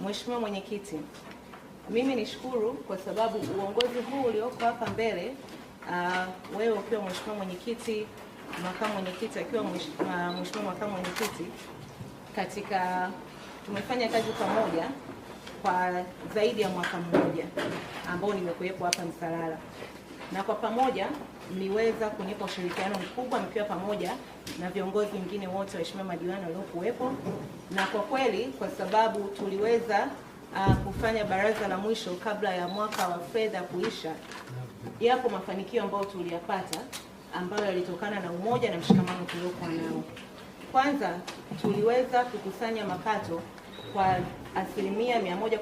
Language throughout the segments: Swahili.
Mheshimiwa Mwenyekiti, mimi nishukuru kwa sababu uongozi huu ulioko hapa mbele uh, wewe ukiwa Mheshimiwa Mwenyekiti, makamu mwenyekiti akiwa ah, Mheshimiwa makamu mwenyekiti, katika tumefanya kazi pamoja kwa zaidi ya mwaka mmoja ambao nimekuwepo hapa Msalala na kwa pamoja mliweza kunipa ushirikiano mkubwa mkiwa pamoja na viongozi wengine wote, waheshimiwa madiwani waliokuwepo, na kwa kweli kwa sababu tuliweza uh, kufanya baraza la mwisho kabla ya mwaka wa fedha kuisha, yapo mafanikio ambayo tuliyapata ambayo yalitokana na umoja na mshikamano tuliokuwa nao. Kwanza tuliweza kukusanya mapato kwa asilimia 115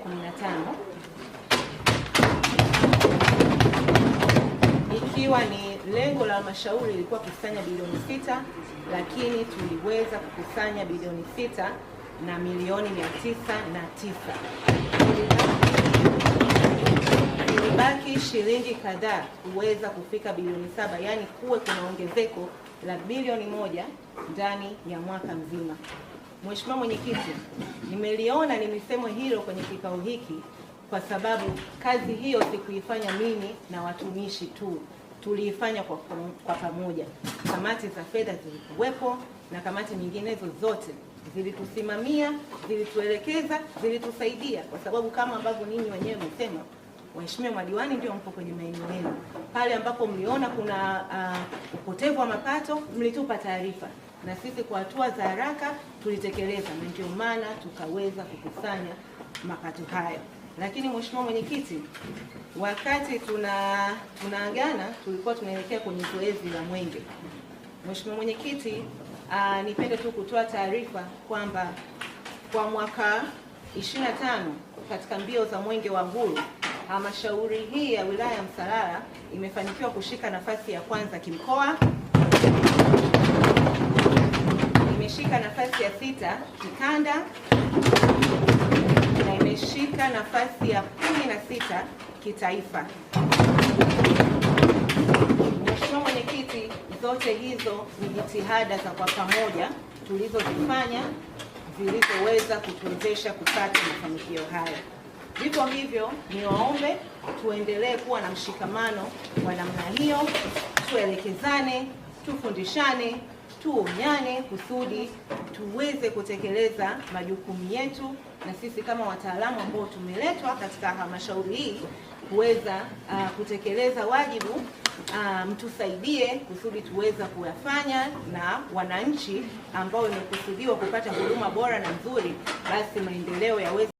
ikiwa ni Lengo la halmashauri lilikuwa kukusanya bilioni sita lakini tuliweza kukusanya bilioni sita na milioni mia tisa na tisa. Ilibaki shilingi kadhaa kuweza kufika bilioni saba, yaani kuwe kuna ongezeko la bilioni moja ndani ya mwaka mzima. Mheshimiwa Mwenyekiti, nimeliona nilisema hilo kwenye kikao hiki kwa sababu kazi hiyo sikuifanya mimi na watumishi tu, tuliifanya kwa, kwa pamoja. Kamati za fedha zilikuwepo na kamati nyinginezo zote zilitusimamia, zilituelekeza, zilitusaidia, kwa sababu kama ambavyo ninyi wenyewe mmesema, waheshimiwa madiwani, ndio mpo kwenye maeneo yenu. Pale ambapo mliona kuna uh, upotevu wa mapato, mlitupa taarifa na sisi kwa hatua za haraka tulitekeleza, na ndio maana tukaweza kukusanya mapato hayo. Lakini mheshimiwa mwenyekiti, wakati tuna tunaagana tulikuwa tunaelekea kwenye zoezi la mwenge. Mheshimiwa mwenyekiti, nipende tu kutoa taarifa kwamba kwa mwaka 25 katika mbio za mwenge wa uhuru halmashauri hii ya wilaya ya Msalala imefanikiwa kushika nafasi ya kwanza kimkoa, imeshika nafasi ya sita kikanda katika nafasi ya kumi na sita kitaifa. Mheshimiwa Mwenyekiti, zote hizo ni jitihada za kwa pamoja tulizozifanya zilizoweza kutuwezesha kupata mafanikio haya. Vivyo hivyo, ni waombe tuendelee kuwa na mshikamano wa namna hiyo, tuelekezane, tufundishane tuonyane kusudi tuweze kutekeleza majukumu yetu, na sisi kama wataalamu ambao tumeletwa katika halmashauri hii kuweza uh, kutekeleza wajibu uh, mtusaidie kusudi tuweza kuyafanya, na wananchi ambao imekusudiwa kupata huduma bora na nzuri, basi maendeleo yaweze